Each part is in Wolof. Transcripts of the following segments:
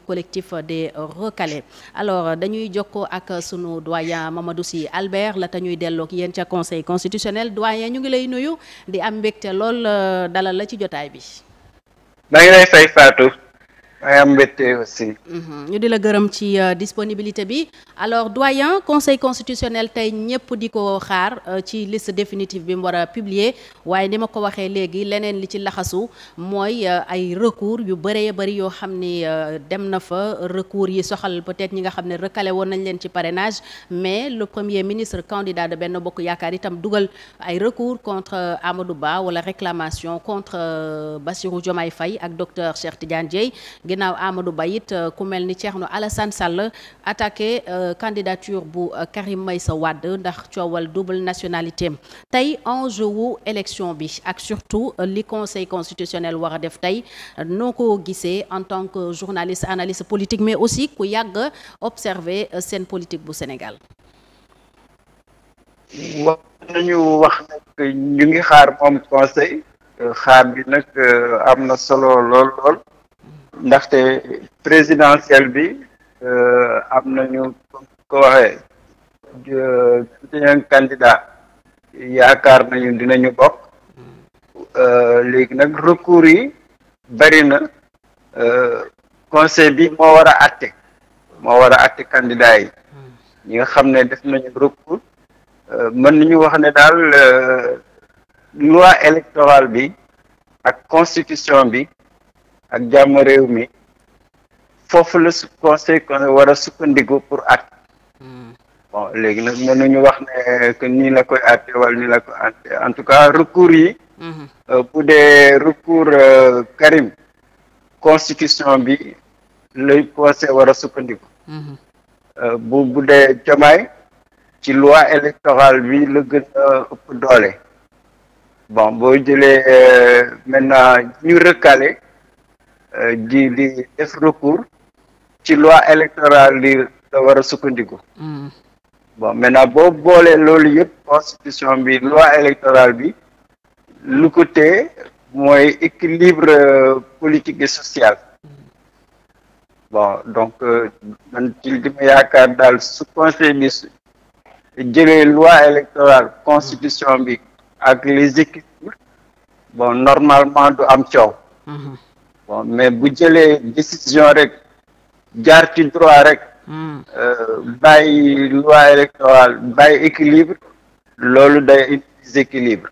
collectif des recalés alors dañuy jokkoo ak sunu doyen Mamadou Sy Albert la te ñuy delloog yéen ca conseil constitutionnel doyen ñu ngi lay nuyu di am mbégte lool dalal la ci jotaay bi. maa lay fay Fatou. ay am mbette aussi. Mhm. ñu di la gërëm ci euh, disponibilité bi alors doyan conseil constitutionnel tey ñëpp di ko xaar euh, ci liste définitive bi mu war a publier waaye ni ma ko waxee léegi leneen li ci laxasu mooy euh, ay recours yu bëree bëri yoo xam ni dem na fa recours yi soxal peut-être ñi nga xam ne recalé woon nañ leen ci parrainage mais le premier ministre candidat benn Benno Bokk Yaakaar itam dugal ay recours contre Amadou Ba wala réclamation contre Bassirou Diomaye Faye ak docteur Cheikh Tidiane Dièye ginnaaw Amadou Ba euh, ku mel ni Thierno Alassane Sall attaqué euh, candidature bu euh, Karim Meïssa Wade ndax coowal double nationalité tey enjeu wu élection bi ak surtout li conseil constitutionnel war a def tey noo ko gisee en tant que journaliste analyste politique mais aussi ku yàgg observer seen politique bu Sénégal. wax nañu wax nag ñu ngi xaar moom conseil xaar bi nag am na solo lool lool. ndaxte présidentielle bi euh, am na ñu ko waxee suñu candidat yaakaar nañu dinañu bokk euh, léegi nag recours yi bari na euh, conseil bi moo war a àtte moo war a àtte candidat yi ñi xam ne def nañu recours mën nañu wax ne daal loi électorale bi ak constitution bi ak jàmm réew mi foofu la su conseil conseil war a sukkandiku pour at hmm. bon léegi nag nañu wax ne nii la koy atte wala nii la koy atte en tout cas recours yi hmm. euh, bu dee recours euh, Karim constitution bi lay conseil war a sukkandiku hmm. euh, bu bu dee jomaay ci loi électorale bi la gën a ëpp doole bon boo jëlee maintenant ñu recalé Euh, di di def recours ci loi électorale li la sukkandiku hmm. bon maintenant boo boolee loolu yëpp constitution bi loi électorale bi lu ko mooy équilibre euh, politique et hmm. bon donc euh, man ci li ma yaakaar daal su conseil bi jëlee loi électorale constitution bi ak les équilibres bon normalement du am coow hmm. bon mais bu jëlee décision rek jaar ci droit rek hmm. euh, bàyyi loi électorale bàyyi équilibre loolu day indi déséquilibre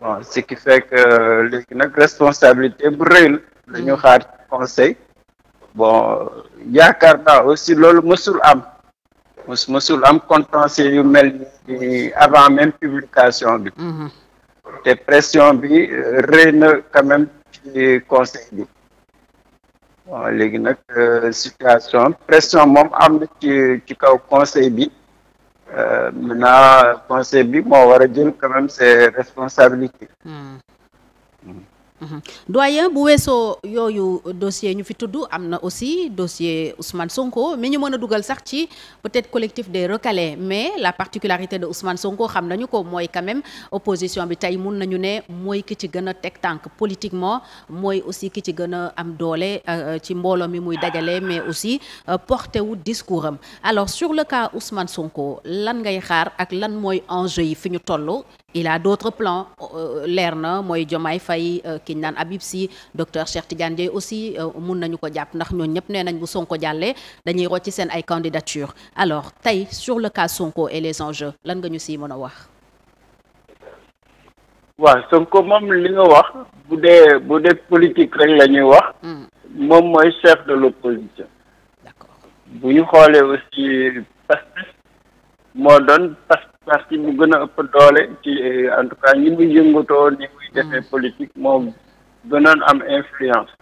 bon ce qui fait que euh, léegi nag responsabilité bu rëy la ñu hmm. xaar conseil bon yaakaar naa aussi loolu mësul am mësul am contentieux yu mel ni avant même publication bi hmm. te pression bi euh, rëy na conseil bi waaw léegi nag euh, situation pression moom am na ci ci kaw conseil bi euh, maintenant conseil bi moo war a jël quand même Mhm. doyen bu weesoo yooyu dossier ñu fi tudd am na aussi dossier Ousmane Sonko mi ñu mën a dugal sax ci peut-être collectif des recalés mais la particularité de Ousmane Sonko xam nañu ko mooy quand même opposition bi tey mun nañu ne mooy ki ci gën a teg tànk politiquement mooy aussi ki ci gën a am doole euh, euh, ci mbooloo mi muy dajale mais aussi euh, porté wu discours am alors sur le cas Ousmane Sonko lan ngay xaar ak lan mooy enjeu yi fi ñu toll il a d'autres plans euh, leer na mooy Jomaay fay euh, ki ñu naan Habib Sy docteur Cheikh Tidiane Dieye aussi euh, mun nañu ko jàpp ndax ñooñ ñëpp nee nañ bu Sonko jàllee dañuy rocci seen ay candidature alors tey sur le cas Sonko et les enjeux lan nga ñu siy mën a wax. waaw Sonko moom li nga wax bu dee bu dee politique rek la ñuy wax. Hmm. moom mooy chef de l'opposition. d'accord bu ñu xoolee aussi moo doon parti bu gën a ëpp doole ci euh, en tout cas ñi mu yëngatoo ni muy defee mm. politique moom gënoon am influence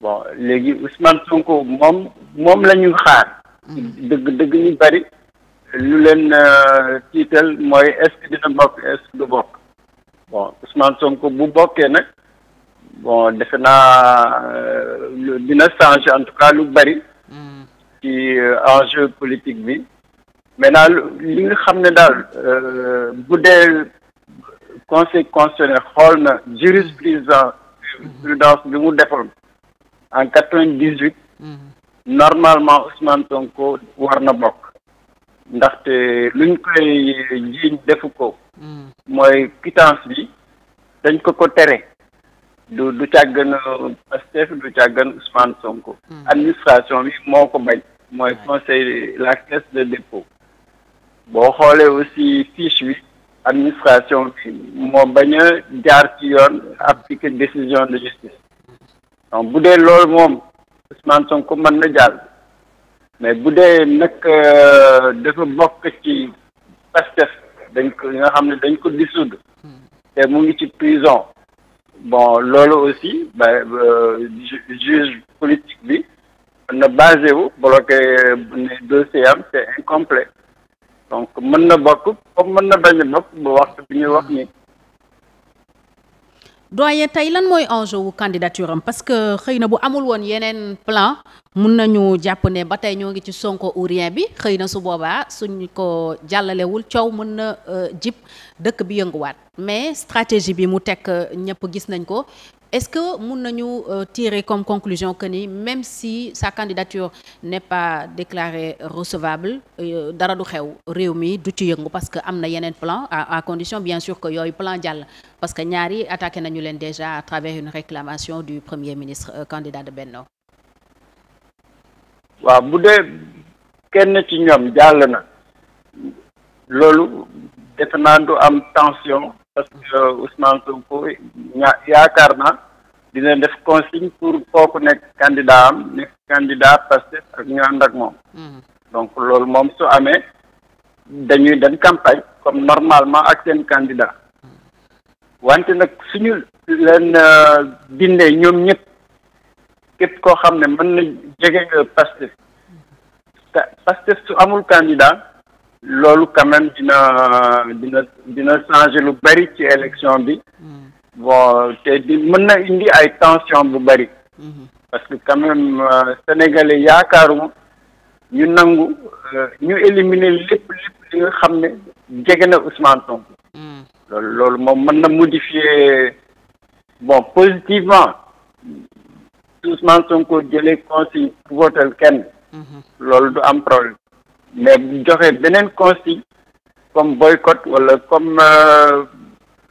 bon léegi Ousmane Sonko moom moom la ñu xaar mm. dëgg dëgg ñu bari lu leen euh, tiital mooy est dina bokk est-ce du bokk bon Ousmane Sonko bu bokkee nag bon defe naa euh, dina changer en tout cas lu bari mm. ci enjeu politique bi mais maintenant li nga xam ne daal euh, bu dee conseil constitutionnel xool na jurisprudence prudence bi mu defoon en quatre-vingt-dix-huit mhm. normalement Ousmane Sonko war na bokk ndaxte luñ koy jiiñ defu ko mhm. mooy quittance bi dañ ko ko tere du du càggan Pastef du càggan Ousmane Sonko mhm. administration bi moo ko bañ mooy conseil la caisse de dépôt boo xoolee aussi fiche bi administration bi moom bañ a jaar ci yoon appliquer décision de justice donc bu dee loolu moom Ousmane Sonko mën na jàll mais bu dee nag euh, dafa bokk ci Pastef dañ ko nga xam ne dañ ko dissoudre te mu ngi ci prison bon loolu aussi ba euh, juge politique bi na basé wu bloqué ne dossier am c'est incomplet donc mën na bokk comme mën na bañ a bokk ba waxtu bi ñuy wax ni doyen tey lan mooy enjeu wu candidature parce que xëy na bu amul woon yeneen plan mun nañu jàpp ne ba tey ñoo ngi ci Sonko ou bi xëy na su boobaa suñ ko jàllalewul coow mën na euh, jib dëkk bi yënguwaat mais stratégie bi mu tekk ñëpp gis nañ ko est-ce que mun nañu euh, tirer comme conclusion que ni même si sa candidature n'est pas déclarée recevable euh, dara du xew réew mi du ci yëngu parce que am na yeneen plan à, condition bien sûr que yooyu plan jàll parce que ñaari attaqué nañu leen déjà à travers une réclamation du premier ministre euh, candidat de Benno waaw bu dee kenn ci ñoom jàll na loolu defe am tension parce que euh, Ousmane Sonko ña yaakaar na dina def consigne pour kooku nekk candidat am nekk candidat Pastef ak ñu ànd ak moom mm-hmm. donc loolu moom su amee dañuy dem campagne comme normalement ak seen candidat mm-hmm. wante nag suñu leen dindee euh, ñoom ñëpp képp koo xam ne mën na jege Pastef mm-hmm. Pastef su amul candidat loolu quand même dina dina dina changer lu bari ci élection bi hmm. bon te di mën na indi ay tension bu bari hmm. parce que quand même euh, sénégalais yaakaaruma ñu nangu euh, ñu éliminer lépp lépp li xam ne jege na Ousmane Sonko hmm. loolu loolu moom mën na modifier bon positivement Ousmane Sonko jëlee conseil votel kenn loolu du am problème mais joxe beneen consigne comme boycott wala comme euh,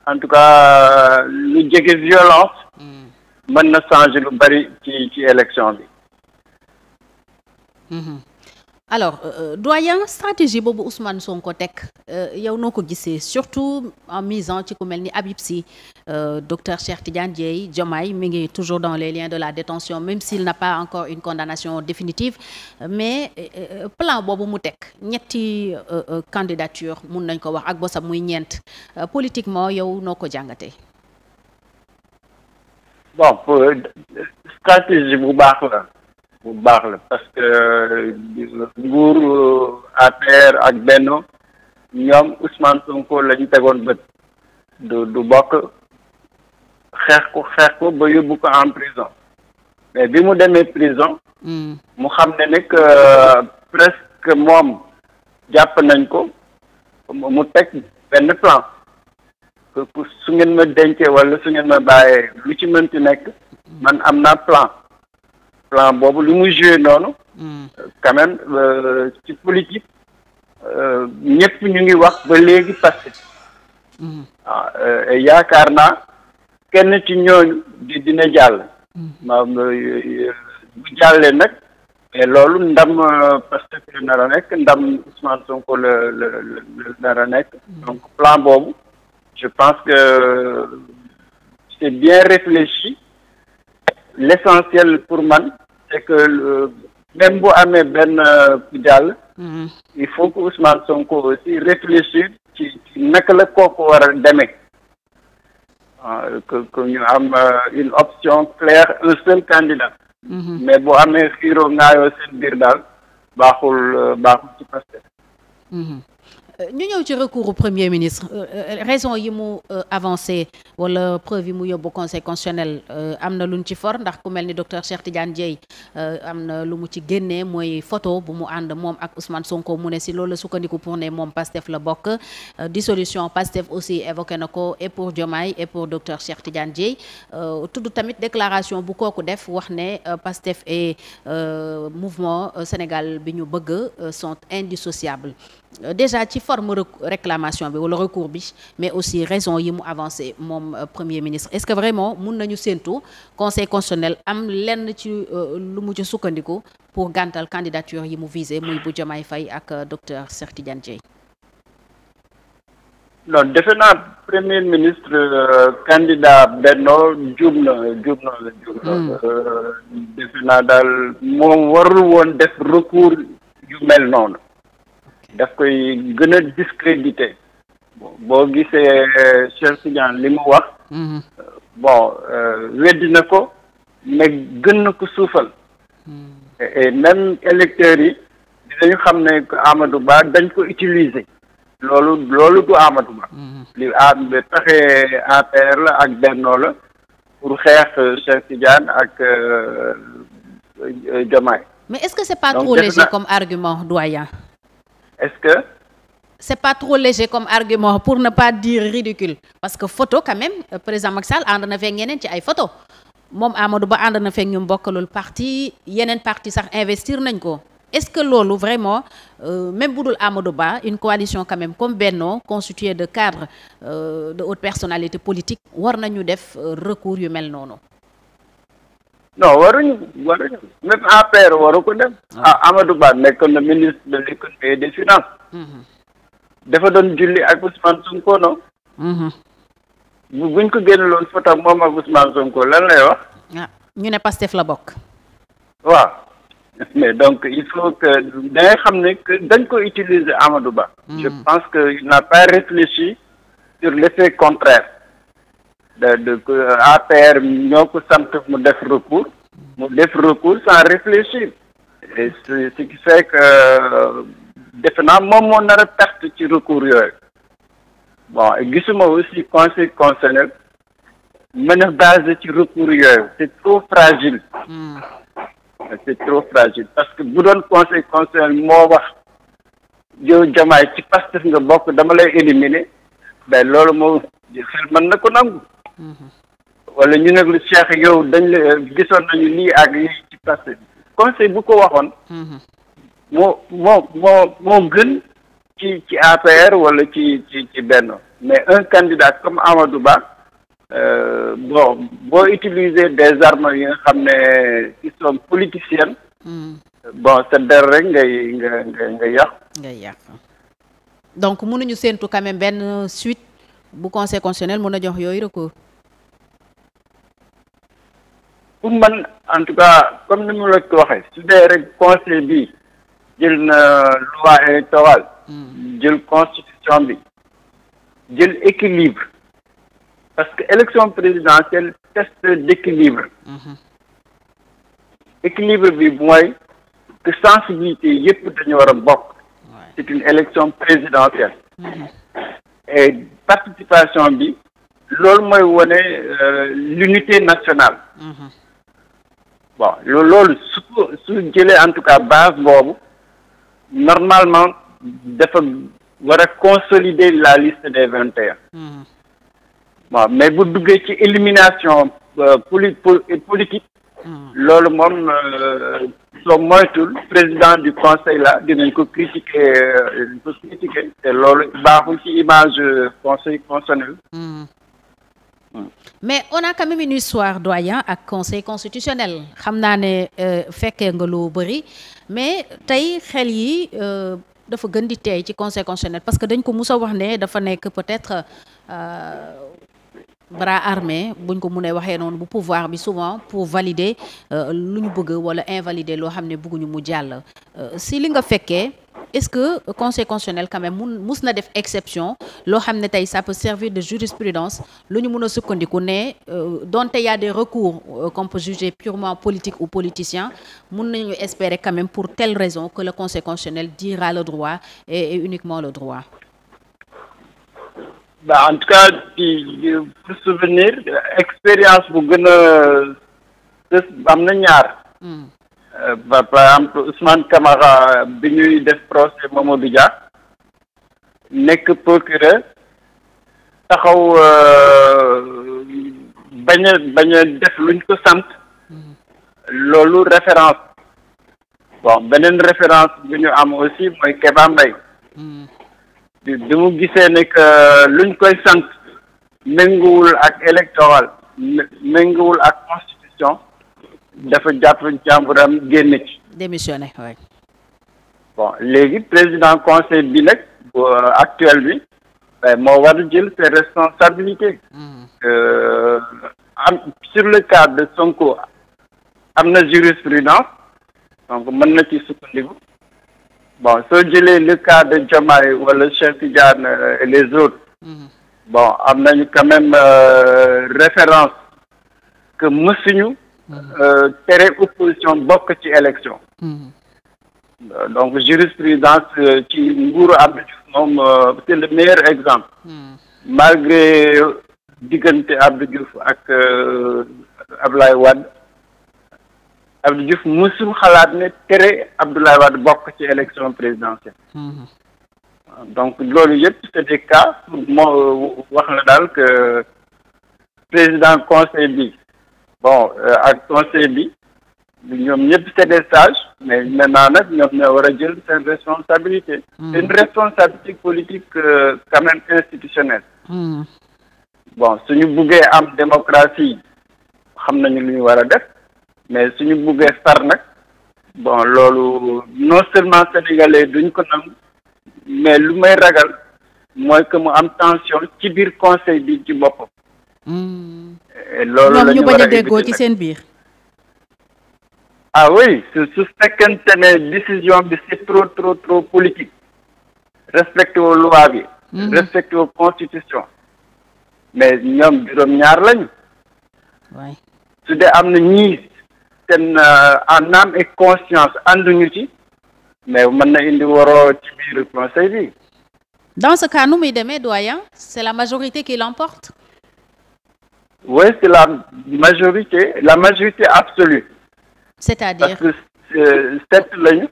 en tout cas lu jege violence mm. mën na changer lu bari ci ci élection bi mm-hmm. alors euh, euh, doyen stratégie boobu Ousmane Sonko teg euh, yow noo ko gisee surtout en misant ci ku mel ni Habib Sy docteur Cheikh Tidiane Dieye Diomaye mi ngi toujours dans les liens de la détention même s'il n'a pas encore une condamnation définitive mais plan boobu mu teg ñetti candidature mun nañ ko wax ak bosam muy ñeent politiquement yow noo ko jàngatee. bon stratégie bu baax la. bu baax la parce que euh, nguur euh, APR ak Benno ñoom Ousmane Sonko la tegoon bët du du bokk xeex ko xeex ko ba yóbbu ko en prison mais bi mu demee prison hmm. mu xam ne nag euh, presque moom jàpp nañ ko mu teg benn plan su ngeen ma dencee wala su ngeen ma bàyyee lu ci mënti nekk man am naa plan plan boobu li mu joué noonu. Hmm. quand même euh, ci politique euh, ñëpp ñu ngi wax ba léegi parce que. Hmm. ah euh, yaakaar naa kenn ci ñooñu di dina jàll. Hmm. maam bu jàllee nag mais loolu ndam parce que nar nekk ndam Ousmane Sonko la la la nar a donc plan boobu je pense que c'est bien réfléchi l'essentiel pour man. c'est que le, même amee benn euh, ku jàll. Mm-hmm. il faut que Ousmane Sonko aussi réfléchir ci naka la kooku war a demee. Euh, que que ñu am euh, une option claire un seul candidat. Mm-hmm. mais bu amee xiiroo ngaayoo seen daal baaxul baaxul ci Pastef. Mm-hmm. ñu ñëw ci recours premier ministre euh, euh, raison yi mu euh, avancé wala preuve yi mu yóbbu conseil constitutionnel am na luñ ci for ndax ku mel ni docteur Cheikh Tidiane Dieye am na lu mu ci génnee mooy photo bu mu ànd moom ak Ousmane Sonko mu ne si loolu la sukkandiku pour ne moom Pastef la bokk dissolution Pastef aussi évoqué na ko et pour Diomaye et pour docteur Cheikh Tidiane Dieye tudd tamit déclaration bu kooku def wax ne Pastef et mouvement Sénégal bi ñu bëgg sont indissociables déjà ci forme réclamation bi wala recours bi mais aussi raison yi mu avancé moom euh, premier ministre est-ce que vraiment mun nañu séentu conseil constitutionnel am lenn ci euh, lu mu sukkandiku pour gàntal candidature yi mu visé muy bu Diomaye fay ak euh, docteur Cheikh Tidiane Dièye defe naa premier ministre candidat Benno jub na jub na la jub na hmm. defe daal moom warul woon def recours yu noonu daf koy gën a discrédité boo gisee euh, Cheikh Tidiane li mu wax mhm. bon euh, weddi na ko mais gën na ko suufal mhm. et même électeurs yi dinañu xam ne Amadou Ba dañ ko utiliser loolu loolu du Amadou Ba mhm. li am pexe APR la ak Benno la pour xeex euh, Cheikh Tidiane ak Diomaye mais est-ce que c'est pas trop léger comme argument doyen est-ce que c'est pas trop léger comme argument pour ne pas dire ridicule parce que photo quand même euh, président Macky Sall ànd na fekk ñeneen ci ay photo moom Amadou Ba ànd na fee ñu mbokkalul parti yeneen parti sax investir nañ ko est-ce que loolu vraiment euh, même bu dul Amadou Ba une coalition quand même comme Benno constituée de cadres euh, de hautes personnalités politiques war nañu def euh, recours yu mel noonu non waruñu waruñu même APR waru ko def ah. Ah, Amadou Ba nekkoon na ministre de l'économie et des mm-hmm. dafa doon julli ak Ousmane Sonko no mm-hmm. buñ ko loon foto moom ak Ousmane Sonko lan lay wax ah, ñu ne Pastef la bokk waaw mais donc il faut que da xam ne dañ ko utiliser Amadou Ba mm-hmm. je pense que il n'a pas réfléchi sur l'effet contraire Euh, APR ñoo ko sant mu def recours mu def recours sans réfléchir et ce qui fait que euh, defe naa moom moo nar a perte ci recours yooyu bon gisuma aussi conseil constitutionnel mën a basé ci recours yooyu c' est trop fragile hmm. c' est trop fragile parce que bu doon conseil moo wax yow jamaay ci Pastef nga bokk dama lay éliminer mais loolu moo xel mën na ko nangu wala ñu ne Cheikh yow dañ la gisoon nañu lii ak lii ci passé bi conseil bu ko waxoon. Mhm. moo moo moo moo gën ci ci APR wala ci ci ci benn mais un candidat comme Amadou Ba euh, bon boo utiliser des armes yi nga xam ne qui sont politiciennes. Mhm. bon sa der rek ngay nga nga nga yàq. ngay yàq donc mënuñu séentu quand benn suite bu conseil constitutionnel mun a jox yooyu recours. pour man en tout cas comme ni mu la ko waxee su dee rek conseil bi jël na loi électorale hmm. jël constitution bi jël équilibre parce que élection présidentielle test d'équilibre hmm. équilibre bi mooy que sensibilité yëpp dañu war bokk c'est une élection présidentielle hmm. et participation bi loolu mooy wone euh, l'unité nationale bon loolu su ko su jëlee en tout cas base boobu normalement dafa war a consolider la liste des vingt et un hmm. waaw mais bu duggee ci élimination euh, poli politique hmm. loolu moom euh, soo moytul président du conseil la dinañ ko critiquer euh, ko critiquer te loolu baaxul ci image conseil constitutionnel hmm. mais on a quand même une histoire doyen ak conseil constitutionnel xam naa ne euh, fekkee nga lu bëri mais tey xel yi euh, dafa gën di teey ci conseil constitutionnel parce que dañ ko mus a wax ne dafa nekk peut-être euh, bras armé buñ ko mënee waxee noonu bu pouvoir bi souvent pour valider lu ñu bëgg walla invalider loo xam ne bëgguñu mu jàll si li nga fekkee. est-ce que conseil constitutionnel quand même mun mus na def exception loo xam ne tey ça peut servir de jurisprudence lu ñu mun a sukkandiku ne euh, donte y a des recours euh, qu'on peut juger purement politique ou politicien mun nañu espérer quand même pour telle raison que le conseil constitutionnel dira le droit et, uniquement le droit en tout cas pour souvenir expérience bu gën a am na ñaar hmm. par exemple Ousmane Camara bi ñuy def procès Mamadou jaar nekk procureur taxaw euh, bañ a def luñ ko sant mm-hmm. loolu référence bon beneen référence bu ñu am aussi mooy Kéba Mbaye mm-hmm. bi mu gisee ne que luñ koy sant ménguwul ak électoral ménguwul ak constitution dafa jàpp njàmburam génn ci. démissionné waay. bon léegi président conseil bi nag euh, actuel bi moo war a jël ses responsabilités. Hmm. Euh, am sur le cas de Sonko am na jurisprudence donc mën na ci sukkandiku bon soo jëlee le cas de Diomaye wala Cheikh Tidiane euh, et les autres. Hmm. bon am nañu quand même référence que mësuñu. Euh, tere opposition bokk ci élection mm-hmm. euh, donc jurisprudence euh, ci nguuru Abdou moom c'est le meilleur exemple mm-hmm. malgré diggante Abdou ak Abdoulaye Wade Abdou Diouf musul xalaat ne tere Abdoulaye Wade bokk ci élection présidentielle mm-hmm. donc loolu yëpp c'est des cas moo wax la daal que président conseil bi bon euh, ak conseil bi ñoom ñëpp c'est des sages mais maintenant nag ñoom ñoo war a jël seen responsabilité hmm. c'est une responsabilité politique euh, quand même institutionnelle hmm. bon suñu buggee am démocratie xam nañu lu ñu war a def mais suñu buggee far nag bon loolu non seulement sénégalais duñ ko nangu mais lu may ragal mooy que mu am tension ci biir conseil bi ci boppam loolu la ñu bañ a déggoo ci seen biir. ah oui su su fekkente ne décision bi c'est trop trop trop politique respecté wu loi bi. Mm. respecté wu constitution. mais ñoom juróom-ñaar lañu. waay de am na ñii seen euh, en âme et conscience ànduñu ci. mais mën na indi waroo ci biir conseil bi. dans ce cas nu muy demee doyen c'est la majorité qui l'emporte. Oui, c'est la majorité, la majorité absolue. C'est-à-dire Parce que euh, sept lañu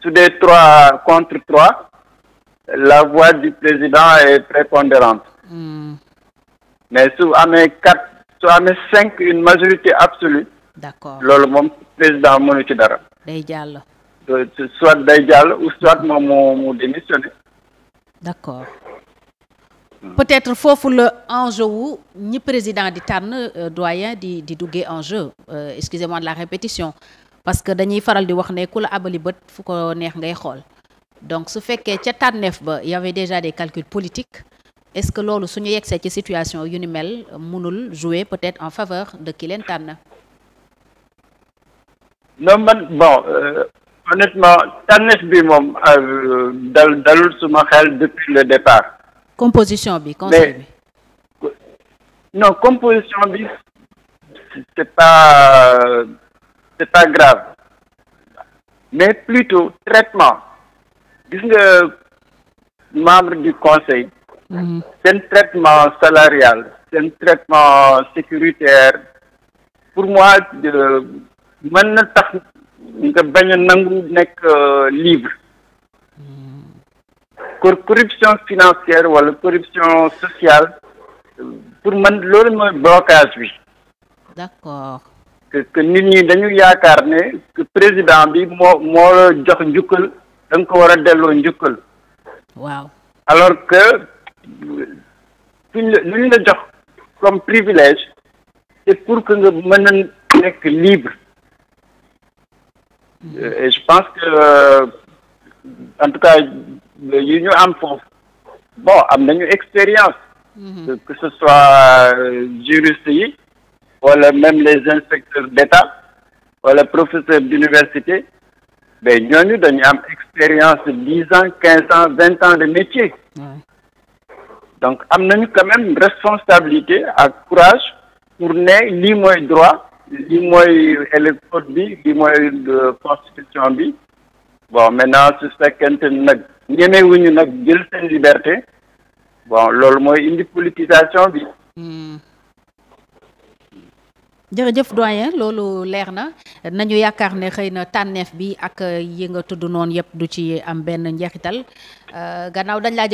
su dee trois contre trois la voix du président est prépondérante. Hmm. mais su amee quatre su amee cinq une majorité absolue. d'accord loolu moom président mënu ci dara. day jàll. Euh, soit day jàll ou soit moom mu mu démissionné. d'accord. Mm. peut-être foofu la enjeu wu ñi président di tànn euh, doyen di di duggee enjeu euh, excusez de la répétition parce que dañuy faral di wax ne ku la abali bët fu ko neex ngay xool donc su fekkee ca tànneef ba y avait déjà des calculs politiques est-ce que loolu suñu yegsee ci situation yu ni mel mënul jouer peut-être en faveur de ki leen tànn. non man bon euh, tànneef bi moom dal dalul suma xel depuis le départ. composition bi conseil bi non composition bi c'est pas c'est pas grave mais plutôt traitement gis nga membre du conseil mmh. seen traitement salarial seen traitement sécuritaire pour moi mën na tax nga bañ a nangu nekk euh, libre corruption financière wala corruption sociale pour man loolu mooy blocage bi. d'accord. que que nit ñi dañu yaakaar ne que président bi moo moo jox njukkal da ko war a delloo njukkal. waaw alors que suñ la lu ñu la jox comme privilège c'est pour que nga mën na nekk libre. Mm-hmm. et je pense que euh, en tout cas yi ñu am foofu bon am nañu expérience mhm. que ce soit euh, juriste yi wala même les inspecteurs ta wala professeurs d'université mais ñooñu dañu am expérience dix ans quinze ans vingt ans de métier donc am nañu quand même responsabilité ak courage pour ne lii mooy droit lii mooy électrode bi lii mooy euh, constitution bi bon maintenant su fekkente nag ñemewuñu nag jël seen liberté bon loolu mooy indi politisation bi. Hmm. jërëjëf doyen loolu leer na nañu yaakaar ne xëy na tànneef bi ak yi nga tudd noonu yëpp du ci am benn njeexital euh, gannaaw dañ laa